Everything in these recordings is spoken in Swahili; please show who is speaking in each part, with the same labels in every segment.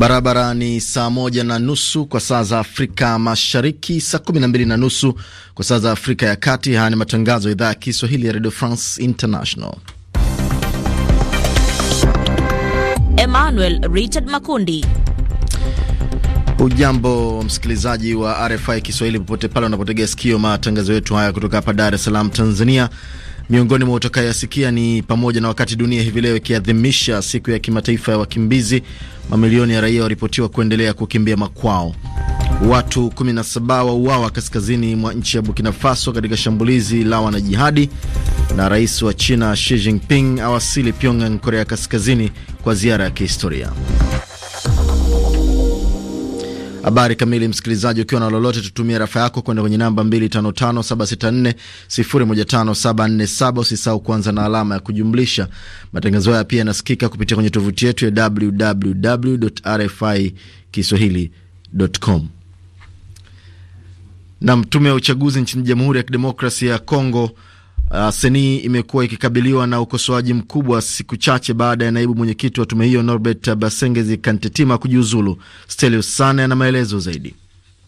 Speaker 1: Barabara ni saa moja na nusu kwa saa za Afrika Mashariki, saa kumi na mbili na nusu kwa saa za Afrika ya Kati. Haya ni matangazo ya idhaa ya Kiswahili ya Radio France International.
Speaker 2: Emmanuel Richard Makundi.
Speaker 1: Ujambo msikilizaji wa RFI Kiswahili popote pale unapotegea sikio matangazo yetu haya kutoka hapa Dar es Salaam, Tanzania. Miongoni mwa utakayoyasikia ni pamoja na wakati dunia hivi leo ikiadhimisha siku ya kimataifa ya wakimbizi Mamilioni ya raia waripotiwa kuendelea kukimbia makwao. Watu 17 wauawa kaskazini mwa nchi ya Burkina Faso katika shambulizi la wanajihadi. Na rais wa China Xi Jinping awasili Pyongyang, Korea Kaskazini, kwa ziara ya kihistoria. Habari kamili, msikilizaji, ukiwa na lolote, tutumie rafa yako kwenda kwenye namba 255764015747. Usisahau kuanza na alama ya kujumlisha. Matangazo haya pia yanasikika kupitia kwenye tovuti yetu ya www.rfikiswahili.com. Na tume ya uchaguzi nchini Jamhuri ya Kidemokrasia ya Kongo Uh, Seni imekuwa ikikabiliwa na ukosoaji mkubwa siku chache baada ya naibu mwenyekiti wa tume hiyo Norbert Basengezi Kantetima kujiuzulu. Stelius Sane ana maelezo zaidi.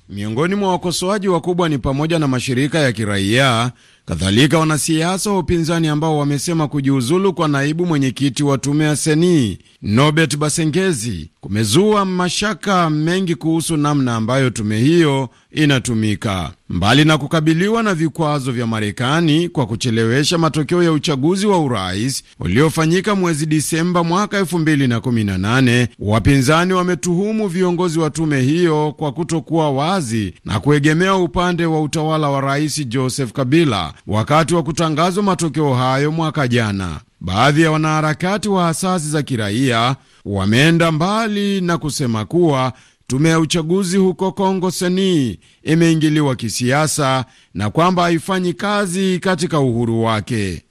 Speaker 1: Miongoni mwa wakosoaji wakubwa ni pamoja na mashirika ya kiraia Kadhalika, wanasiasa wa upinzani ambao wamesema kujiuzulu kwa naibu mwenyekiti
Speaker 3: wa tume ya Seni Norbert Basengezi kumezua mashaka mengi kuhusu namna ambayo tume hiyo inatumika. Mbali na kukabiliwa na vikwazo vya Marekani kwa kuchelewesha matokeo ya uchaguzi wa urais uliofanyika mwezi Disemba mwaka 2018, wapinzani wametuhumu viongozi wa tume hiyo kwa kutokuwa wazi na kuegemea upande wa utawala wa Rais Joseph Kabila wakati wa kutangazwa matokeo hayo mwaka jana. Baadhi ya wanaharakati wa asasi za kiraia wameenda mbali na kusema kuwa tume ya uchaguzi huko Kongo Seni imeingiliwa kisiasa na kwamba
Speaker 1: haifanyi kazi katika uhuru wake.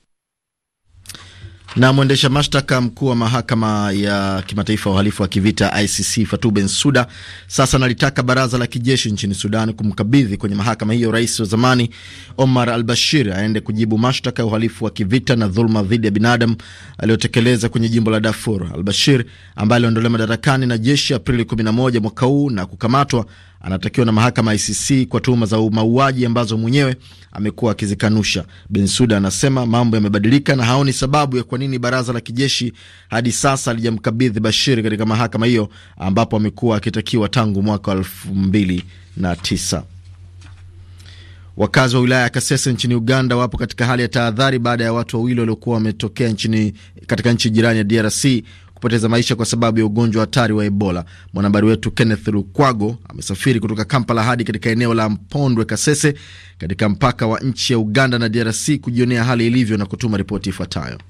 Speaker 1: Na mwendesha mashtaka mkuu wa mahakama ya kimataifa ya uhalifu wa kivita ICC Fatou Bensouda sasa analitaka baraza la kijeshi nchini Sudan kumkabidhi kwenye mahakama hiyo rais wa zamani Omar al Bashir aende kujibu mashtaka ya uhalifu wa kivita na dhuluma dhidi ya binadamu aliyotekeleza kwenye jimbo la Darfur. Al Bashir ambaye aliondolewa madarakani na jeshi Aprili 11 mwaka huu na kukamatwa anatakiwa na mahakama ICC kwa tuhuma za mauaji ambazo mwenyewe amekuwa akizikanusha. Bensuda anasema mambo yamebadilika na haoni sababu ya kwa nini baraza la kijeshi hadi sasa alijamkabidhi Bashir katika mahakama hiyo ambapo amekuwa akitakiwa tangu mwaka wa elfu mbili na tisa. Wakazi wa wilaya ya Kasese nchini Uganda wapo katika hali ya tahadhari baada ya watu wawili waliokuwa wametokea katika nchi jirani ya DRC kupoteza maisha kwa sababu ya ugonjwa hatari wa Ebola. Mwanahabari wetu Kenneth Lukwago amesafiri kutoka Kampala hadi katika eneo la Mpondwe Kasese katika mpaka wa nchi ya Uganda na DRC kujionea hali ilivyo na kutuma ripoti ifuatayo.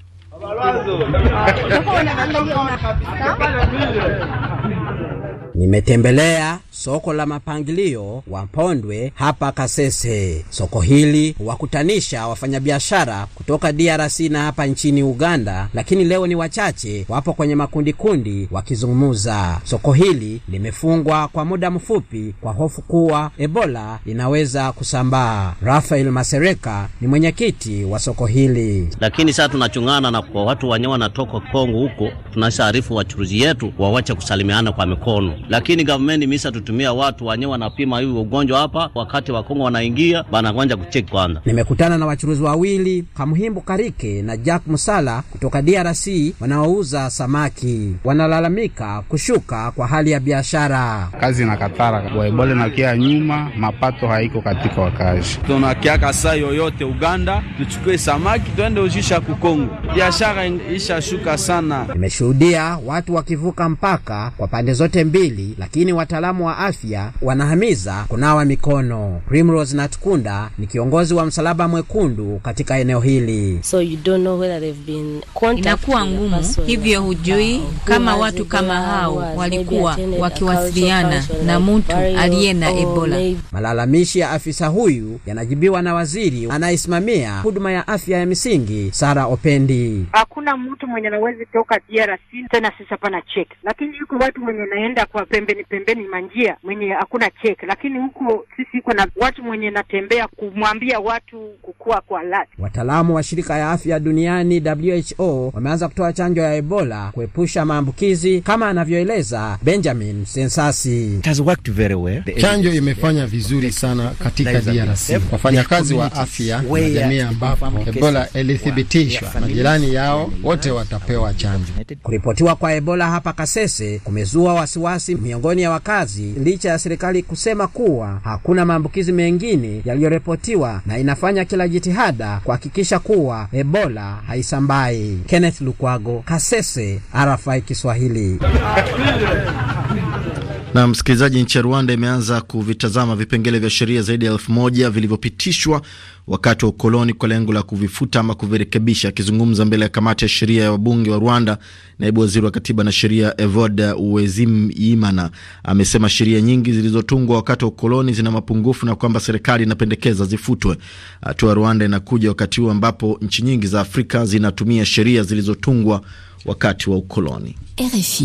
Speaker 4: Nimetembelea soko la mapangilio wa Mpondwe hapa Kasese. Soko hili huwakutanisha wafanyabiashara kutoka DRC na hapa nchini Uganda, lakini leo ni wachache wapo kwenye makundi kundi wakizungumza. Soko hili limefungwa kwa muda mfupi kwa hofu kuwa Ebola inaweza kusambaa. Rafael Masereka ni mwenyekiti wa soko hili.
Speaker 3: Lakini sasa tunachungana na kwa watu wenye wanatoka Kongo huko, tunashaarifu wachuruzi yetu wawache kusalimiana kwa mikono, lakini government misa tutu wanatumia watu wenyewe wanapima hivi ugonjwa hapa, wakati wakongo wanaingia banagwanja kucheki kwanza.
Speaker 4: Nimekutana na wachuruzi wawili Kamuhimbu Karike na Jack Musala kutoka DRC wanaouza samaki, wanalalamika kushuka kwa hali ya biashara. Kazi
Speaker 1: na katara waebole na kia nyuma, mapato haiko katika wakazi. Tunakiaka saa
Speaker 3: yoyote Uganda tuchukue samaki tuende ushisha kukongo, biashara ishashuka
Speaker 4: sana. Nimeshuhudia watu wakivuka mpaka kwa pande zote mbili, lakini wataalamu wa afya wanahamiza kunawa mikono. Primrose Natkunda ni kiongozi wa Msalaba Mwekundu katika eneo hili.
Speaker 2: So you don't know whether they've been inakuwa ngumu hivyo, hujui kama watu kama hao walikuwa wakiwasiliana na mtu aliye na Ebola.
Speaker 4: Malalamishi ya afisa huyu yanajibiwa na waziri anayesimamia huduma ya afya ya misingi Sara Opendi. Hakuna hakuna mtu mwenye anawezi
Speaker 3: toka DRC tena sisi hapana check, lakini yuko watu wenye naenda kwa pembeni pembeni manjia
Speaker 4: mwenye hakuna check, lakini huko sisi iko na watu mwenye natembea kumwambia watu kukua kwa lati. Wataalamu wa shirika ya afya duniani WHO wameanza kutoa chanjo ya Ebola kuepusha maambukizi kama anavyoeleza Benjamin Sensasi. Chanjo imefanya vizuri sana katika
Speaker 3: DRC. Wafanyakazi wa afya na jamii ambapo Ebola
Speaker 4: ilithibitishwa majirani yao wote watapewa chanjo. Kuripotiwa kwa Ebola hapa Kasese kumezua wasiwasi miongoni ya wakazi, licha ya serikali kusema kuwa hakuna maambukizi mengine yaliyoripotiwa na inafanya kila jitihada kuhakikisha kuwa Ebola haisambai. Kenneth Lukwago, Kasese, RFI Kiswahili.
Speaker 1: Na msikilizaji, nchi ya Rwanda imeanza kuvitazama vipengele vya sheria zaidi ya elfu moja vilivyopitishwa wakati wa ukoloni kwa lengo la kuvifuta ama kuvirekebisha. Akizungumza mbele ya kamati ya sheria ya wabunge wa Rwanda, naibu waziri wa katiba na sheria Evoda Uwezimana amesema sheria nyingi zilizotungwa wakati wa ukoloni zina mapungufu na kwamba serikali inapendekeza zifutwe. Hatua ya Rwanda inakuja wakati huu ambapo nchi nyingi za Afrika zinatumia sheria zilizotungwa wakati wa ukoloni. RFI.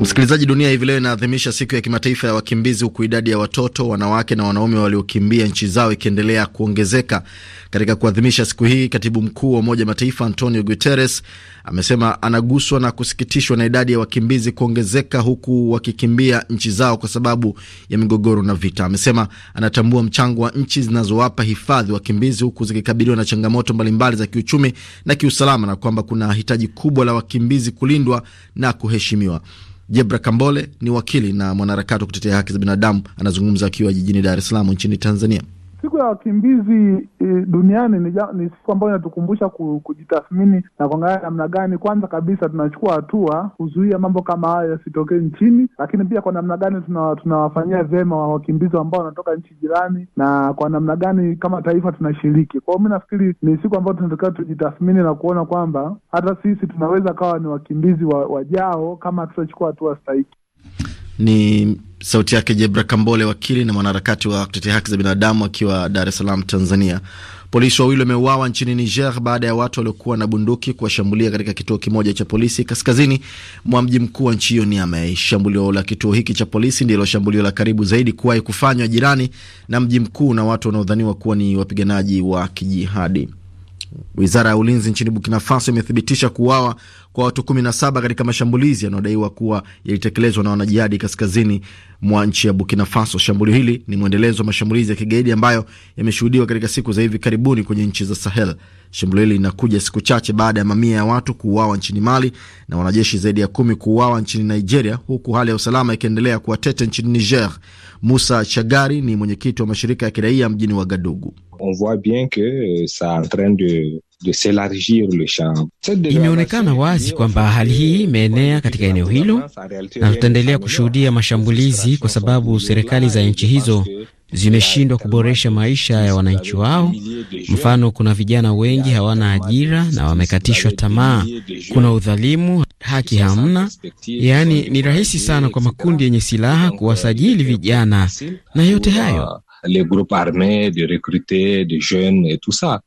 Speaker 1: Msikilizaji, dunia hivi leo inaadhimisha siku ya kimataifa ya wakimbizi, huku idadi ya watoto, wanawake na wanaume waliokimbia nchi zao ikiendelea kuongezeka. Katika kuadhimisha siku hii, katibu mkuu wa Umoja Mataifa Antonio Guterres amesema anaguswa na kusikitishwa na idadi ya wakimbizi kuongezeka, huku wakikimbia nchi zao kwa sababu ya migogoro na vita. Amesema anatambua mchango wa nchi zinazowapa hifadhi wakimbizi, huku zikikabiliwa na changamoto mbalimbali za kiuchumi na kiusalama, na kwamba kuna hitaji kubwa la wakimbizi kulindwa na kuheshimiwa. Jebra Kambole ni wakili na mwanaharakati wa kutetea haki za binadamu, anazungumza akiwa jijini Dar es Salaam nchini Tanzania.
Speaker 5: Siku ya wakimbizi e, duniani ni, ni siku ambayo inatukumbusha kujitathmini na kuangalia namna gani kwanza kabisa tunachukua hatua kuzuia mambo kama hayo yasitokee nchini, lakini pia kwa namna gani tunawafanyia tuna vyema wa wakimbizi ambao wanatoka nchi jirani na kwa namna gani kama taifa tunashiriki. kwao mi nafikiri ni siku ambayo tunatokea tujitathmini na kuona kwamba hata sisi tunaweza kawa ni wakimbizi wajao wa kama tutachukua hatua stahiki.
Speaker 1: Ni Sauti yake Jebra Kambole, wakili na mwanaharakati wa kutetea haki za binadamu akiwa Dar es Salaam, Tanzania. Polisi wawili wameuawa nchini Niger baada ya watu waliokuwa na bunduki kuwashambulia katika kituo kimoja cha polisi kaskazini mwa mji mkuu wa nchi hiyo Niamey. Shambulio la kituo hiki cha polisi ndilo shambulio la karibu zaidi kuwahi kufanywa jirani na mji mkuu na watu wanaodhaniwa kuwa ni wapiganaji wa kijihadi. Wizara ya ulinzi nchini Burkina Faso imethibitisha kuuawa kwa watu 17 katika mashambulizi yanayodaiwa kuwa yalitekelezwa na wanajihadi kaskazini mwa nchi ya Burkina Faso. Shambulio hili ni mwendelezo wa mashambulizi ya kigaidi ambayo yameshuhudiwa katika siku za hivi karibuni kwenye nchi za Sahel. Shambulio hili linakuja siku chache baada ya mamia ya watu kuuawa nchini Mali na wanajeshi zaidi ya kumi kuuawa nchini Nigeria, huku hali ya usalama ikiendelea kuwa tete nchini Niger. Musa Chagari ni mwenyekiti wa mashirika ya kiraia mjini Wagadugu
Speaker 6: on voit bien que euh, ça en train de
Speaker 3: Imeonekana wazi kwamba hali hii imeenea katika eneo hilo na tutaendelea kushuhudia mashambulizi kwa sababu serikali za nchi hizo zimeshindwa kuboresha maisha ya wananchi wao. Mfano, kuna vijana wengi hawana ajira na wamekatishwa tamaa, kuna udhalimu, haki hamna. Yaani ni rahisi sana kwa makundi yenye silaha kuwasajili vijana
Speaker 6: na yote hayo les groupes armés, de recruter des jeunes et tout ça.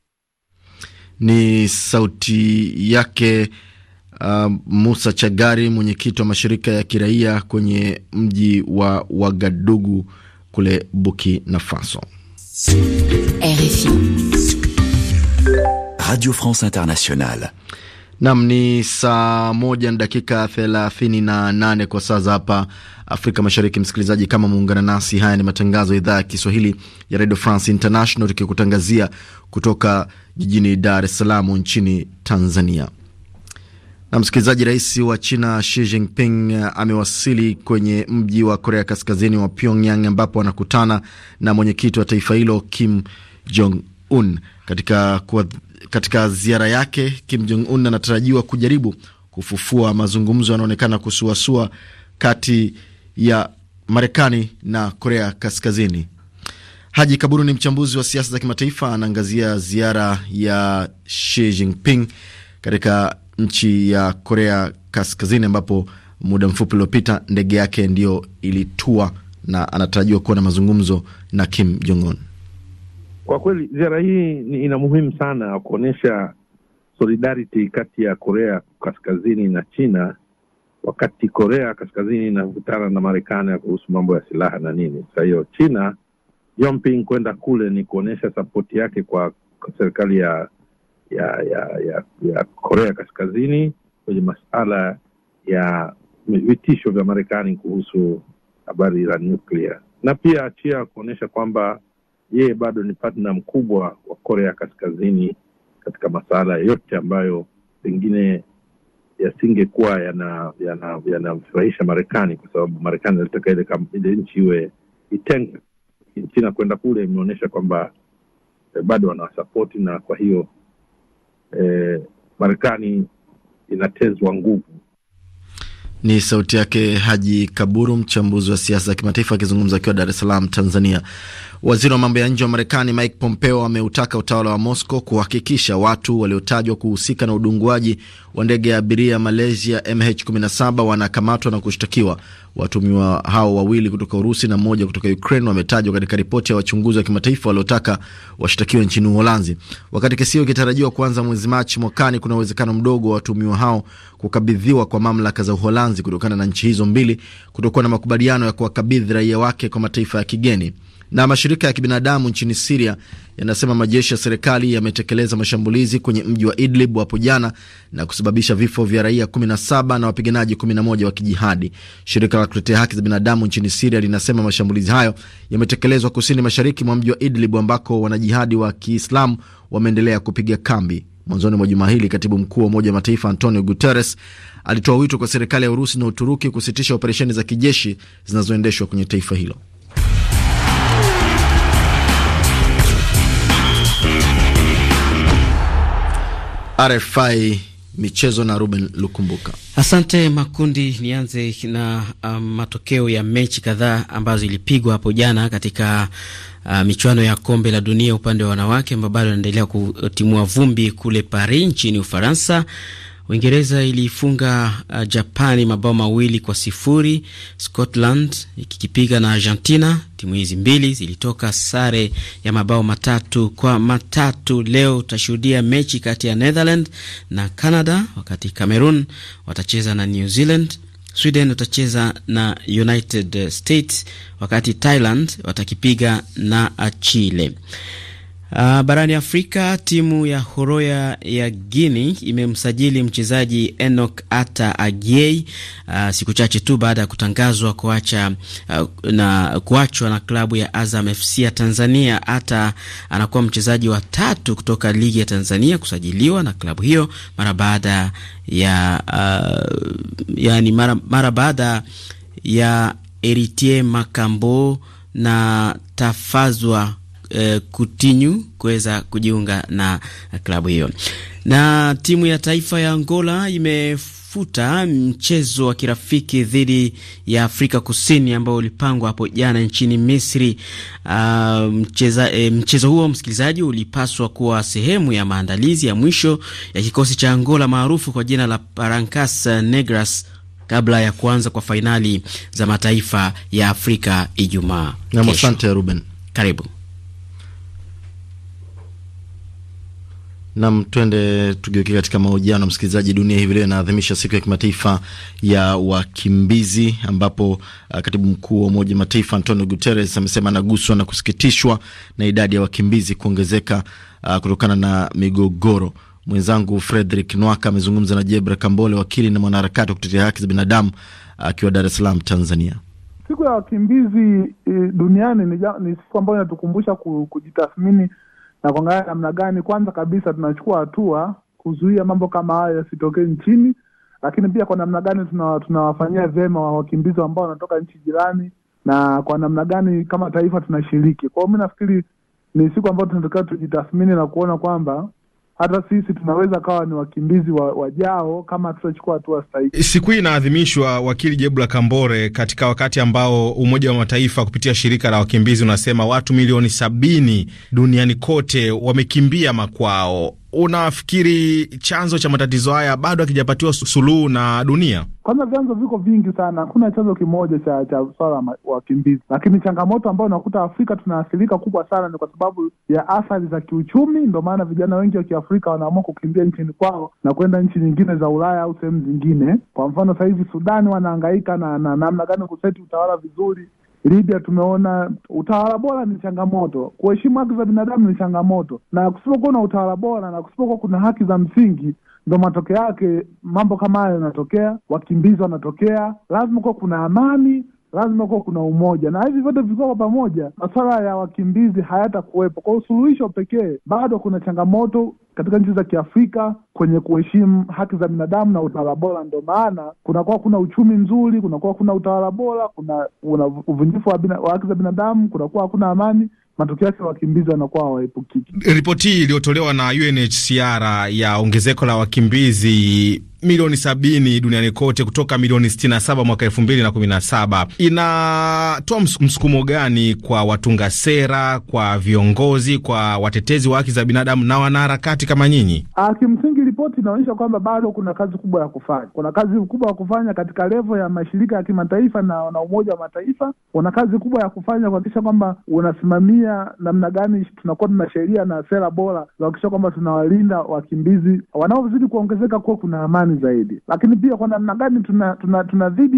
Speaker 1: Ni sauti yake uh, Musa Chagari, mwenyekiti wa mashirika ya kiraia kwenye mji wa Wagadugu kule Burkina Faso. RFI Radio France Internationale. Nam, ni saa moja na dakika thelathini na nane kwa saa za hapa Afrika Mashariki. Msikilizaji, kama muungana nasi, haya ni matangazo ya idhaa ya Kiswahili ya Radio France International, tukikutangazia kutoka jijini Dar es Salaam nchini Tanzania. Na msikilizaji, rais wa China Xi Jinping amewasili kwenye mji wa Korea Kaskazini wa Pyongyang ambapo anakutana na mwenyekiti wa taifa hilo Kim Jong Un. Katika, katika ziara yake Kim Jong Un anatarajiwa kujaribu kufufua mazungumzo yanaonekana kusuasua kati ya Marekani na Korea Kaskazini. Haji Kaburu ni mchambuzi wa siasa za kimataifa, anaangazia ziara ya Xi Jinping katika nchi ya Korea Kaskazini, ambapo muda mfupi uliopita ndege yake ndiyo ilitua na anatarajiwa kuwa na mazungumzo na Kim Jong Un.
Speaker 6: Kwa kweli ziara hii ina muhimu sana kuonyesha solidarity kati ya Korea Kaskazini na China wakati Korea Kaskazini inavutana na Marekani kuhusu mambo ya silaha na nini. Kwa hiyo China Jinping kwenda kule ni kuonyesha sapoti yake kwa serikali ya ya ya ya, ya Korea Kaskazini kwenye masala ya vitisho vya Marekani kuhusu habari za nuklia na pia achia kuonyesha kwamba yeye bado ni partner mkubwa wa Korea Kaskazini katika masala yote ambayo pengine yasingekuwa yanafurahisha yana Marekani kwa sababu Marekani alitaka ile ile nchi iwe itenge. China kwenda kule imeonyesha kwamba eh, bado wanawasapoti na kwa hiyo eh, Marekani inatezwa nguvu.
Speaker 1: Ni sauti yake Haji Kaburu, mchambuzi wa siasa za kimataifa akizungumza akiwa Dar es Salaam, Tanzania. Waziri wa mambo ya nje wa Marekani Mike Pompeo ameutaka utawala wa Moscow kuhakikisha watu waliotajwa kuhusika na udunguaji wa ndege ya abiria ya Malaysia MH17 wanakamatwa na kushtakiwa. Watumiwa hao wawili kutoka Urusi na mmoja kutoka Ukraine wametajwa katika ripoti ya wachunguzi wa kimataifa waliotaka washtakiwe nchini Uholanzi. Wakati kesi hiyo ikitarajiwa kuanza mwezi Machi mwakani, kuna uwezekano mdogo wa watumiwa hao kukabidhiwa kwa mamlaka za Uholanzi kutokana na nchi hizo mbili kutokuwa na makubaliano ya kuwakabidhi raia wake kwa mataifa ya kigeni. Na mashirika ya kibinadamu nchini Siria yanasema majeshi ya serikali yametekeleza mashambulizi kwenye mji wa Idlib hapo jana na kusababisha vifo vya raia 17 na wapiganaji 11 wa kijihadi. Shirika la kutetea haki za binadamu nchini Siria linasema mashambulizi hayo yametekelezwa kusini mashariki mwa mji wa Idlib ambako wanajihadi wa Kiislamu wameendelea kupiga kambi. Mwanzoni mwa juma hili katibu mkuu wa Umoja wa Mataifa Antonio Guterres alitoa wito kwa serikali ya Urusi na Uturuki kusitisha operesheni za kijeshi zinazoendeshwa kwenye taifa hilo. RFI Michezo na Ruben Lukumbuka.
Speaker 3: Asante Makundi, nianze na um, matokeo ya mechi kadhaa ambazo ilipigwa hapo jana katika uh, michuano ya kombe la dunia upande wa wanawake ambao bado anaendelea kutimua vumbi kule Paris nchini Ufaransa. Uingereza ilifunga uh, Japani mabao mawili kwa sifuri, Scotland ikikipiga na Argentina. Timu hizi mbili zilitoka sare ya mabao matatu kwa matatu. Leo utashuhudia mechi kati ya Netherland na Canada, wakati Cameroon watacheza na New Zealand. Sweden watacheza na United States, wakati Thailand watakipiga na Chile. Uh, barani Afrika timu ya Horoya ya guini imemsajili mchezaji Enoch Ata Agiei uh, siku chache tu baada ya kutangazwa kuacha uh, na kuachwa na klabu ya Azam FC ya Tanzania. Ata anakuwa mchezaji wa tatu kutoka ligi ya Tanzania kusajiliwa na klabu hiyo mara baada ya uh, yani mara, mara baada ya Eritier Makambo na Tafazwa Eh, kutinyu kuweza kujiunga na klabu hiyo. Na timu ya taifa ya Angola imefuta mchezo wa kirafiki dhidi ya Afrika Kusini ambao ulipangwa hapo jana nchini Misri. Uh, mcheza, eh, mchezo huo msikilizaji, ulipaswa kuwa sehemu ya maandalizi ya mwisho ya kikosi cha Angola maarufu kwa jina la Parancas Negras kabla ya kuanza kwa fainali za mataifa ya Afrika Ijumaa. Asante Ruben, karibu.
Speaker 1: Nam, twende tugeukie katika mahojiano. Msikilizaji, dunia hivi leo inaadhimisha siku ya kimataifa ya wakimbizi, ambapo uh, katibu mkuu wa Umoja Mataifa Antonio Guterres amesema anaguswa na kusikitishwa na idadi ya wakimbizi kuongezeka uh, kutokana na migogoro. Mwenzangu Frederick Nwaka amezungumza na Jebra Kambole, wakili na mwanaharakati wa kutetea haki za binadamu uh, akiwa uh, Dar es Salaam, Tanzania.
Speaker 5: Siku ya wakimbizi eh, duniani ni siku ambayo inatukumbusha kujitathmini na kuangalia namna gani kwanza kabisa tunachukua hatua kuzuia mambo kama hayo yasitokee nchini, lakini pia kwa namna gani tunawafanyia tuna vyema wa wakimbizi ambao wanatoka nchi jirani na kwa namna gani kama taifa tunashiriki. kwao. mi nafikiri ni siku ambayo tunatakiwa tujitathmini na kuona kwamba hata sisi tunaweza kawa ni wakimbizi wajao wa kama tutachukua hatua stahiki. Siku
Speaker 3: hii inaadhimishwa, wakili Jebula Kambore, katika wakati ambao Umoja wa Mataifa kupitia shirika la wakimbizi unasema watu milioni sabini duniani kote wamekimbia makwao unafikiri chanzo cha matatizo haya bado hakijapatiwa suluhu na dunia?
Speaker 5: Kwanza, vyanzo viko vingi sana, hakuna chanzo kimoja cha cha swala la wakimbizi, lakini changamoto ambayo unakuta Afrika tunaathirika kubwa sana ni kwa sababu ya athari za kiuchumi. Ndio maana vijana wengi wa Kiafrika wanaamua kukimbia nchini kwao na kwenda nchi nyingine za Ulaya au sehemu zingine. Kwa mfano, sasa hivi Sudani wanahangaika na namna na, na, gani kuseti utawala vizuri Libya tumeona utawala bora ni changamoto, kuheshimu haki za binadamu ni changamoto, na kusipokuwa na utawala bora na kusipokuwa kuna haki za msingi, ndo matokeo yake mambo kama hayo yanatokea, wakimbizi wanatokea. Lazima kuwa kuna amani lazima kuwa kuna umoja, na hivi vyote vikiwa kwa pamoja, masuala ya wakimbizi hayatakuwepo. Kwa usuluhisho pekee, bado kuna changamoto katika nchi za Kiafrika kwenye kuheshimu haki za binadamu na utawala bora. Ndo maana kunakuwa kuna uchumi mzuri, kunakuwa kuna utawala bora, kuna uvunjifu wa haki za binadamu, kunakuwa hakuna amani matokeo yake wakimbizi wanakuwa hawaepukiki.
Speaker 3: Ripoti hii iliyotolewa na UNHCR ya ongezeko la wakimbizi milioni sabini duniani kote kutoka milioni na saba mwaka na na kumi saba Inatoa msukumo gani kwa watunga sera, kwa viongozi, kwa watetezi wa haki za binadamu na wanaharakati kama
Speaker 5: nyinyi? Ah, kimsingi ripoti inaonyesha kwamba bado kuna kazi kubwa ya kufanya. Kuna kazi kubwa ya kufanya katika levo ya mashirika ya kimataifa na na Umoja wa Mataifa. Kuna kazi kubwa ya kufanya kuhakikisha kwamba unasimamia namna gani tunakuwa tuna sheria na sera bora za kuhakikisha kwamba tunawalinda wakimbizi wanaozidi kuongezeka kuwa kuna amani ndani zaidi, lakini pia kwa namna gani tunadhibiti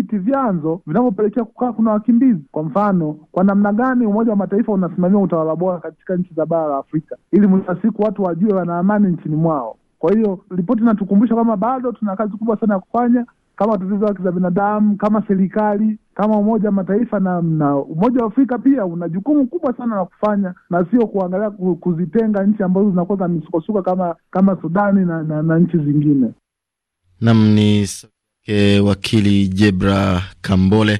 Speaker 5: tuna, tuna, vyanzo vinavyopelekea kukaa kuna wakimbizi. Kwa mfano, kwa namna gani Umoja wa Mataifa unasimamia utawala bora katika nchi za bara la Afrika ili mwisho wa siku watu wajue wana amani nchini mwao. Kwa hiyo ripoti inatukumbusha kwamba bado tuna kazi kubwa sana ya kufanya kama watetezi haki za binadamu, kama serikali, kama Umoja wa Mataifa na, na Umoja wa Afrika pia una jukumu kubwa sana la kufanya, na sio kuangalia kuzitenga nchi ambazo zinakuwa za misukosuko kama kama Sudani na, na, na nchi zingine.
Speaker 1: Nam ni ke wakili Jebra Kambole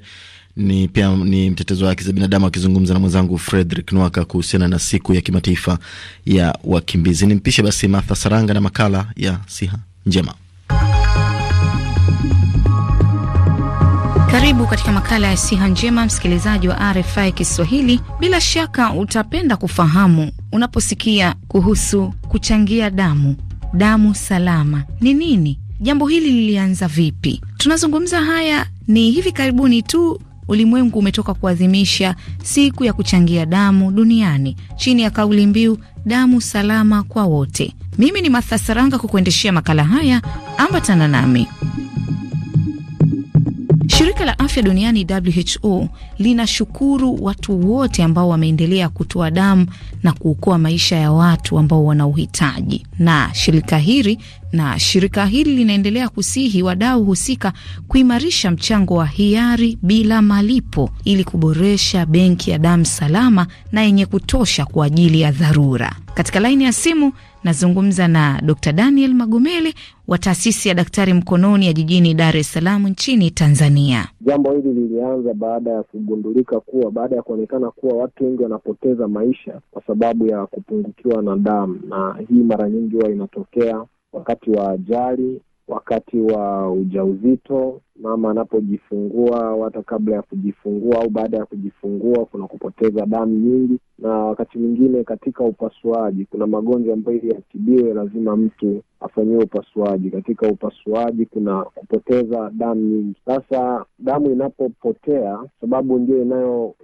Speaker 1: ni pia ni mtetezi wa haki za binadamu akizungumza na mwenzangu Fredrick Nwaka kuhusiana na siku ya kimataifa ya wakimbizi. Ni mpishe basi Martha Saranga na makala ya siha njema.
Speaker 2: Karibu katika makala ya siha njema, msikilizaji wa RFI Kiswahili. Bila shaka utapenda kufahamu unaposikia kuhusu kuchangia damu, damu salama ni nini Jambo hili lilianza vipi? Tunazungumza haya ni hivi karibuni tu ulimwengu umetoka kuadhimisha siku ya kuchangia damu duniani chini ya kauli mbiu damu salama kwa wote. Mimi ni Martha Saranga kukuendeshea makala haya, ambatana nami. Shirika la Afya Duniani WHO linashukuru watu wote ambao wameendelea kutoa damu na kuokoa maisha ya watu ambao wana uhitaji. Na shirika hili na shirika hili linaendelea kusihi wadau husika kuimarisha mchango wa hiari bila malipo ili kuboresha benki ya damu salama na yenye kutosha kwa ajili ya dharura. Katika laini ya simu nazungumza na Dr. Daniel Magomele wa taasisi ya daktari mkononi ya jijini Dar es Salaam nchini Tanzania.
Speaker 6: Jambo hili lilianza baada ya kugundulika kuwa baada ya kuonekana kuwa watu wengi wanapoteza maisha kwa sababu ya kupungukiwa na damu, na hii mara nyingi huwa inatokea wakati wa ajali, wakati wa ujauzito, mama anapojifungua, hata kabla ya kujifungua au baada ya kujifungua, kuna kupoteza damu nyingi na wakati mwingine katika upasuaji kuna magonjwa ambayo ili yatibiwe lazima mtu afanyiwe upasuaji. Katika upasuaji kuna kupoteza damu nyingi. Sasa damu inapopotea, sababu ndio inayo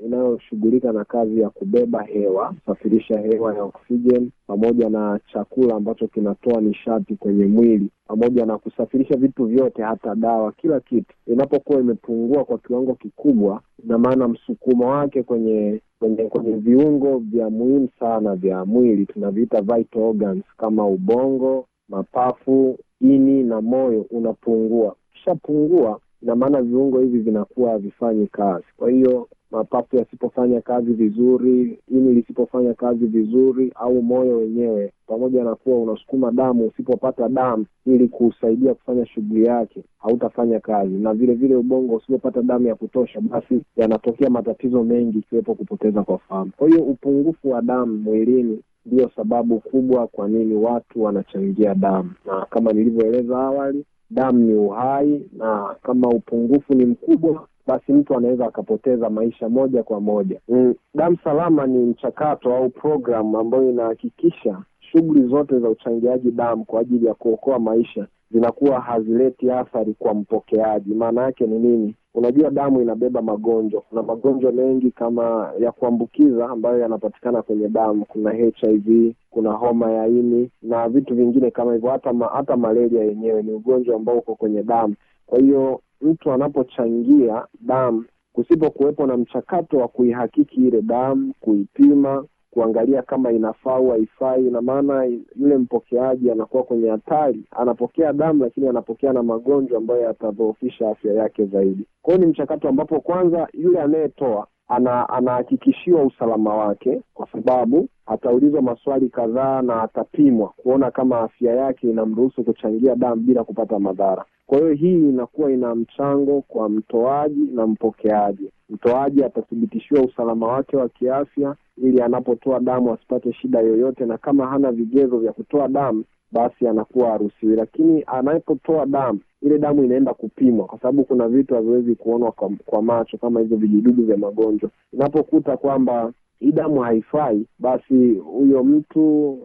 Speaker 6: na kazi ya kubeba hewa, kusafirisha hewa ya oksijeni, pamoja na chakula ambacho kinatoa nishati kwenye mwili, pamoja na kusafirisha vitu vyote, hata dawa, kila kitu. Inapokuwa imepungua kwa kiwango kikubwa, ina maana msukumo wake kwenye kwenye kwenye viungo vya muhimu sana vya mwili tunaviita vital organs kama ubongo, mapafu, ini na moyo unapungua. Ukishapungua ina maana viungo hivi vinakuwa havifanyi kazi. Kwa hiyo mapafu yasipofanya kazi vizuri, ini lisipofanya kazi vizuri, au moyo wenyewe, pamoja na kuwa unasukuma damu, usipopata damu ili kusaidia kufanya shughuli yake, hautafanya kazi. Na vilevile vile ubongo usipopata damu ya kutosha, basi yanatokea matatizo mengi, ikiwepo kupoteza kwa fahamu. Kwa hiyo upungufu wa damu mwilini ndiyo sababu kubwa kwa nini watu wanachangia damu, na kama nilivyoeleza awali, damu ni uhai, na kama upungufu ni mkubwa basi mtu anaweza akapoteza maisha moja kwa moja. Mm, damu salama ni mchakato au programu ambayo inahakikisha shughuli zote za uchangiaji damu kwa ajili ya kuokoa maisha zinakuwa hazileti athari kwa mpokeaji. Maana yake ni nini? Unajua, damu inabeba magonjwa. Kuna magonjwa mengi kama ya kuambukiza ambayo yanapatikana kwenye damu. Kuna HIV, kuna homa ya ini na vitu vingine kama hivyo. Hata ma, hata malaria yenyewe ni ugonjwa ambao uko kwenye damu. Kwa hiyo mtu anapochangia damu, kusipokuwepo na mchakato wa kuihakiki ile damu, kuipima, kuangalia kama inafaa au haifai, ina maana yule mpokeaji anakuwa kwenye hatari. Anapokea damu, lakini anapokea na magonjwa ambayo yatadhoofisha afya yake zaidi. Kwa hiyo ni mchakato ambapo kwanza yule anayetoa anahakikishiwa usalama wake, kwa sababu ataulizwa maswali kadhaa na atapimwa kuona kama afya yake inamruhusu kuchangia damu bila kupata madhara. Kwa hiyo hii inakuwa ina mchango kwa mtoaji na mpokeaji. Mtoaji atathibitishiwa usalama wake wa kiafya ili anapotoa damu asipate shida yoyote, na kama hana vigezo vya kutoa damu basi anakuwa haruhusiwi, lakini anapotoa damu ile damu inaenda kupimwa, kwa sababu kuna vitu haviwezi kuonwa kwa, kwa macho kama hivyo vijidudu vya magonjwa. Inapokuta kwamba hii damu haifai, basi huyo mtu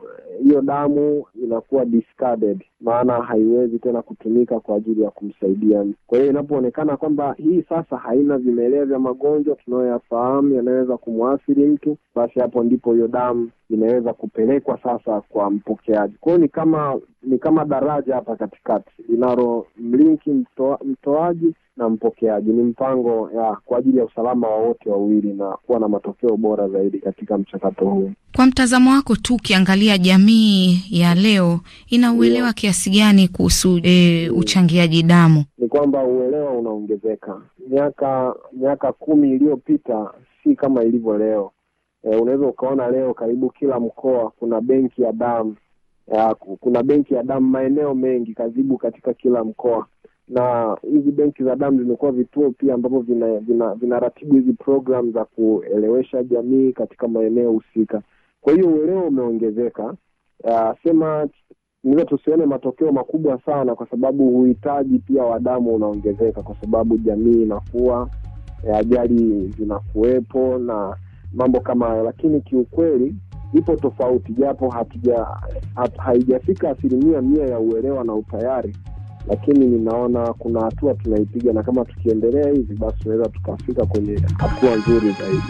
Speaker 6: hiyo damu inakuwa discarded, maana haiwezi tena kutumika kwa ajili ya kumsaidia mtu. Kwa hiyo inapoonekana kwamba hii sasa haina vimelea vya magonjwa tunayoyafahamu yanayoweza kumwathiri mtu, basi hapo ndipo hiyo damu inaweza kupelekwa sasa kwa mpokeaji. Kwa hiyo ni kama ni kama daraja hapa katikati linalo mlinki mtoa, mtoaji na mpokeaji. Ni mpango ya kwa ajili ya usalama wa wote wawili na kuwa na matokeo bora zaidi katika mchakato huu.
Speaker 2: Kwa mtazamo wako tu, ukiangalia jamii ya leo inauelewa kiasi gani kuhusu e, uchangiaji damu? Ni kwamba
Speaker 6: uelewa unaongezeka. Miaka miaka kumi iliyopita si kama ilivyo leo e, unaweza ukaona leo karibu kila mkoa kuna benki ya damu ya, kuna benki ya damu maeneo mengi karibu katika kila mkoa, na hizi benki za damu zimekuwa vituo pia ambavyo vinaratibu vina, vina hizi programu za kuelewesha jamii katika maeneo husika. Kwa hiyo uelewa umeongezeka, sema niza tusione matokeo makubwa sana, kwa sababu uhitaji pia wa damu unaongezeka, kwa sababu jamii inakuwa ajali zinakuwepo na mambo kama hayo, lakini kiukweli ipo tofauti, japo haijafika asilimia mia ya uelewa na utayari, lakini ninaona kuna hatua tunaipiga, na kama tukiendelea hivi, basi tunaweza tukafika kwenye
Speaker 5: hatua nzuri
Speaker 6: zaidi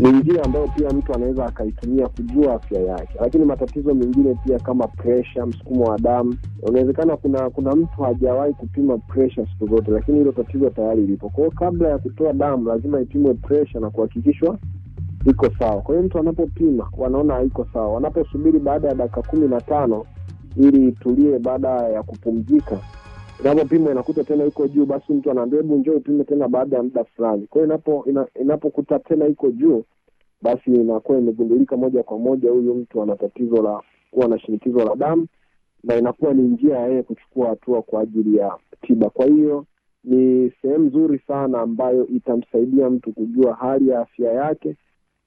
Speaker 6: ni njia ambayo pia mtu anaweza akaitumia kujua afya yake, lakini matatizo mengine pia kama presha, msukumo wa damu. Unawezekana kuna kuna mtu hajawahi kupima presha siku zote, lakini hilo tatizo tayari lipo. Kwa hiyo kabla ya kutoa damu lazima ipimwe presha na kuhakikishwa iko sawa. Kwa hiyo mtu anapopima wanaona haiko sawa, wanaposubiri baada ya dakika kumi na tano ili itulie baada ya kupumzika Unapopima inakuta tena iko juu, basi mtu anaambia hebu njo upime tena baada ya muda fulani. Kwa hiyo inapokuta ina, inapokuta tena iko juu, basi inakuwa imegundulika moja kwa moja huyu mtu ana tatizo la kuwa na shinikizo la damu, na inakuwa ni njia ya yeye kuchukua hatua kwa ajili ya tiba. Kwa hiyo ni sehemu nzuri sana ambayo itamsaidia mtu kujua hali ya afya yake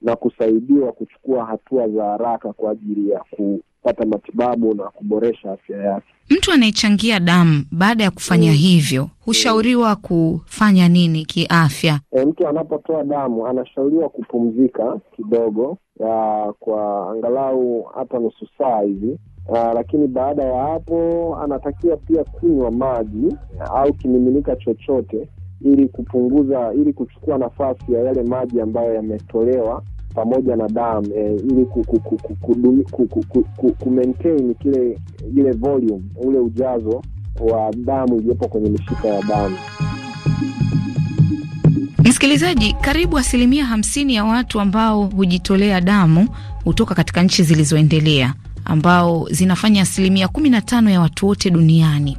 Speaker 6: na kusaidiwa kuchukua hatua za haraka kwa ajili ya ku, kupata matibabu na kuboresha afya yake.
Speaker 2: Mtu anayechangia damu baada ya kufanya mm, hivyo hushauriwa mm. kufanya nini kiafya?
Speaker 6: E, mtu anapotoa damu anashauriwa kupumzika kidogo ya, kwa angalau hata nusu saa hivi. Uh, lakini baada ya hapo anatakiwa pia kunywa maji au kimiminika chochote ili kupunguza, ili kuchukua nafasi ya yale maji ambayo yametolewa pamoja na damu eh, ili kumaintain kile ile volume ule ujazo wa damu iliyopo kwenye mishipa ya damu.
Speaker 2: Msikilizaji, karibu asilimia hamsini ya watu ambao hujitolea damu hutoka katika nchi zilizoendelea ambao zinafanya asilimia 15 ya watu wote duniani.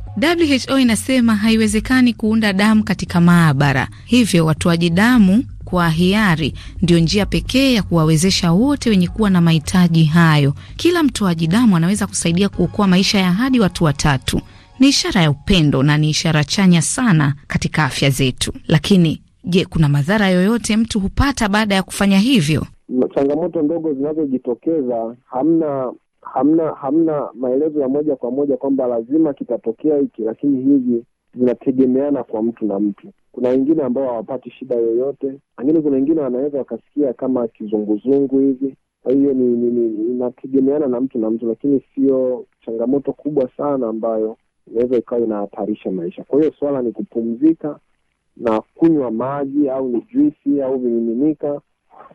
Speaker 2: WHO inasema haiwezekani kuunda damu katika maabara, hivyo watoaji damu kwa hiari ndio njia pekee ya kuwawezesha wote wenye kuwa na mahitaji hayo. Kila mtoaji damu anaweza kusaidia kuokoa maisha ya hadi watu watatu. Ni ishara ya upendo na ni ishara chanya sana katika afya zetu. Lakini je, kuna madhara yoyote mtu hupata baada ya kufanya hivyo?
Speaker 6: Changamoto ndogo zinazojitokeza hamna hamna hamna maelezo ya moja kwa moja kwamba lazima kitatokea hiki, lakini hivi zinategemeana kwa mtu na mtu. Kuna wengine ambao hawapati shida yoyote, lakini kuna wengine wanaweza wakasikia kama kizunguzungu hivi. Kwa hiyo inategemeana na mtu na mtu, lakini sio changamoto kubwa sana ambayo inaweza ikawa inahatarisha maisha. Kwa hiyo swala ni kupumzika na kunywa maji au ni juisi au vimiminika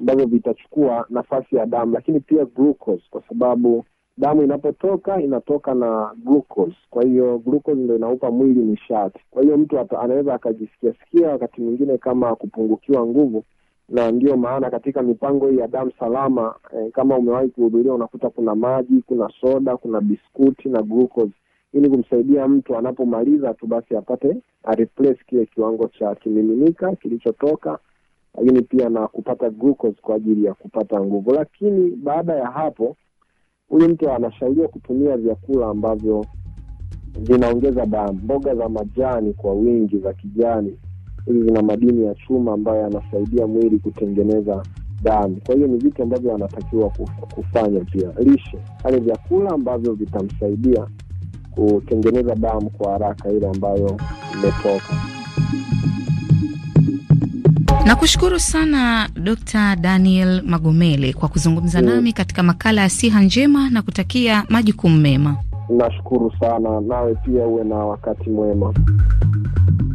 Speaker 6: ambavyo vitachukua nafasi ya damu, lakini pia glucose, kwa sababu damu inapotoka inatoka na glucose. Kwa hiyo glucose ndo inaupa mwili nishati. Kwa hiyo mtu anaweza akajisikia sikia wakati mwingine kama kupungukiwa nguvu, na ndiyo maana katika mipango hii ya damu salama eh, kama umewahi kuhudhuria, unakuta kuna maji, kuna soda, kuna biskuti na glucose ili kumsaidia mtu anapomaliza tu basi apate replace kile kiwango cha kimiminika kilichotoka, lakini pia na kupata glucose kwa ajili ya kupata nguvu. Lakini baada ya hapo huyu mtu anashauriwa kutumia vyakula ambavyo vinaongeza damu, mboga za majani kwa wingi za kijani. Hivi vina madini ya chuma ambayo yanasaidia mwili kutengeneza damu. Kwa hiyo ni vitu ambavyo anatakiwa kufanya. Pia lishe, ale vyakula ambavyo vitamsaidia kutengeneza damu kwa haraka ile ambayo imetoka
Speaker 2: Nakushukuru sana Dr. Daniel Magomele kwa kuzungumza mm. nami katika makala ya siha njema na kutakia majukumu mema.
Speaker 6: Nashukuru sana nawe pia uwe na wakati mwema.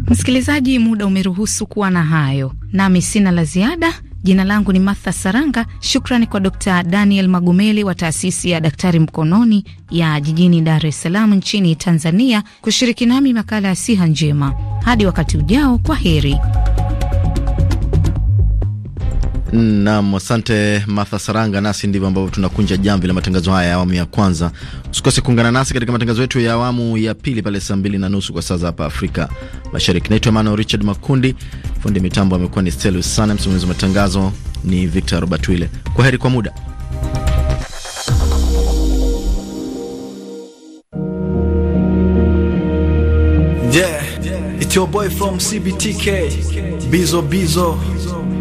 Speaker 2: Msikilizaji, muda umeruhusu kuwa na hayo, nami sina la ziada. Jina langu ni Martha Saranga. Shukrani kwa Dr. Daniel Magumeli wa taasisi ya Daktari Mkononi ya jijini Dar es Salaam nchini Tanzania kushiriki nami makala ya siha njema. Hadi wakati ujao, kwa heri.
Speaker 1: Naam, asante Martha Saranga. Nasi ndivyo ambavyo tunakunja jamvi la matangazo haya ya awamu ya kwanza. Usikose kuungana nasi katika matangazo yetu ya awamu ya pili pale saa mbili na nusu kwa saa za hapa Afrika Mashariki. Naitwa Emmanuel Richard Makundi, fundi mitambo amekuwa ni Stelus Sana, msimamizi wa matangazo ni Victor Robert Wile. Kwa heri kwa muda.
Speaker 7: Yeah, it's your boy from CBTK. Bizo, bizo.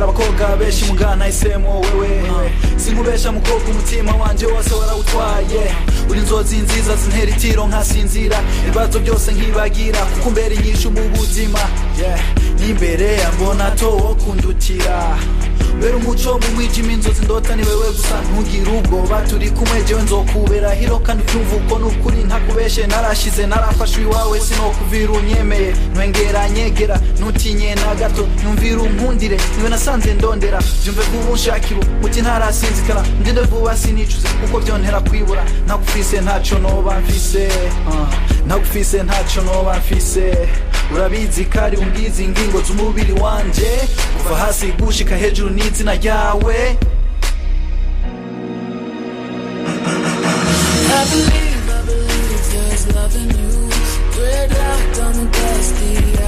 Speaker 7: hari abakobwa benshi mugana isemo wewe sinkubesha mukobwa umutima wanjye wose warawutwaye uri inzozi nziza zintera itiro nkasinzira ibibazo byose nkibagira kuko umbera inyinshi mu buzima n'imbere ambona to wo kundukira verumuchovu mwijimi nzozi ndotaniwewe kusanhungira ugova turi kumwe jenzokuvera hiro kandi vyumvuko nukuri ntakuveshe narashize narafashwiwawe sinokuvira unyemeye nwengera nyegera nutinye na gato nyumvira unkundire niwe nasanze ndondera vyumve vuba unshakiru muti ntarasinzikara ndinde vuba sinicuze kuko vyontera kwibura nakufise ntaco noba mfise uh, ah, nakufise ntaco noba mfise uh. urabizi kari umbizi ingingo z'umubiri wanje kuva hasi gushika hejuru n'izina ryawe I believe, I believe there's love in you Red light on the dusty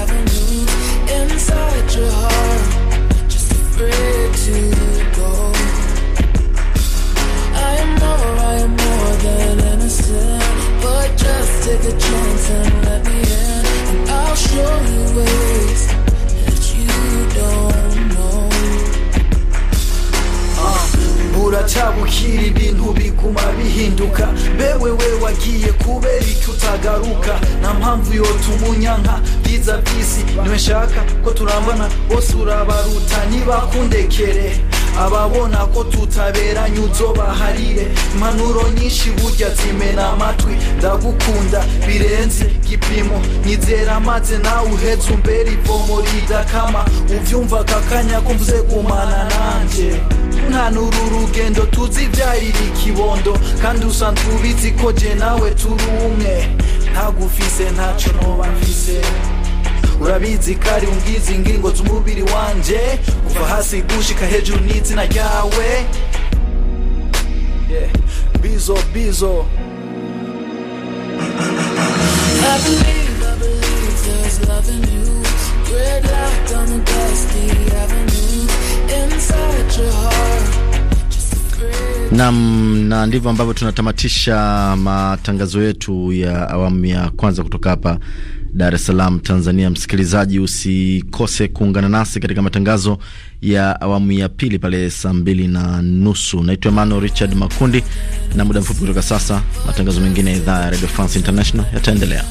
Speaker 7: buracabukira ibintu biguma bihinduka bewe we wagiye kubera iki utagaruka nta mpamvu yotuma unyanka byiza bisi niwe nshaka ko turambana bose urabaruta niba ababona ko tutaberanye uzobaharire impanuro nyinshi burya zimena amatwi ndagukunda birenze gipimo nyizera maze nawe uhetse umbere ivomo ridakama ubyumva kakanya ko mvuze gumana nanjye nkanura urugendo tuzi ibyariri ikibondo kandi usanzwe ubizi ko jye nawe turi umwe ntagufise ntacu nubafise no urabizi kari ungizi ngingo z'umubiri wanje kuva hasi kaheju hejuru na yawe yeah. bizo bizo I believe, I believe there's love in you on the dusty avenue Inside your heart
Speaker 1: Nam, na ndivyo ambavyo tunatamatisha matangazo yetu ya awamu ya kwanza kutoka hapa Dar es Salaam, Tanzania. Msikilizaji, usikose kuungana nasi katika matangazo ya awamu ya pili pale saa mbili na nusu. Naitwa Emmanuel Richard Makundi, na muda mfupi kutoka sasa matangazo mengine ya idhaa ya Radio France International yataendelea.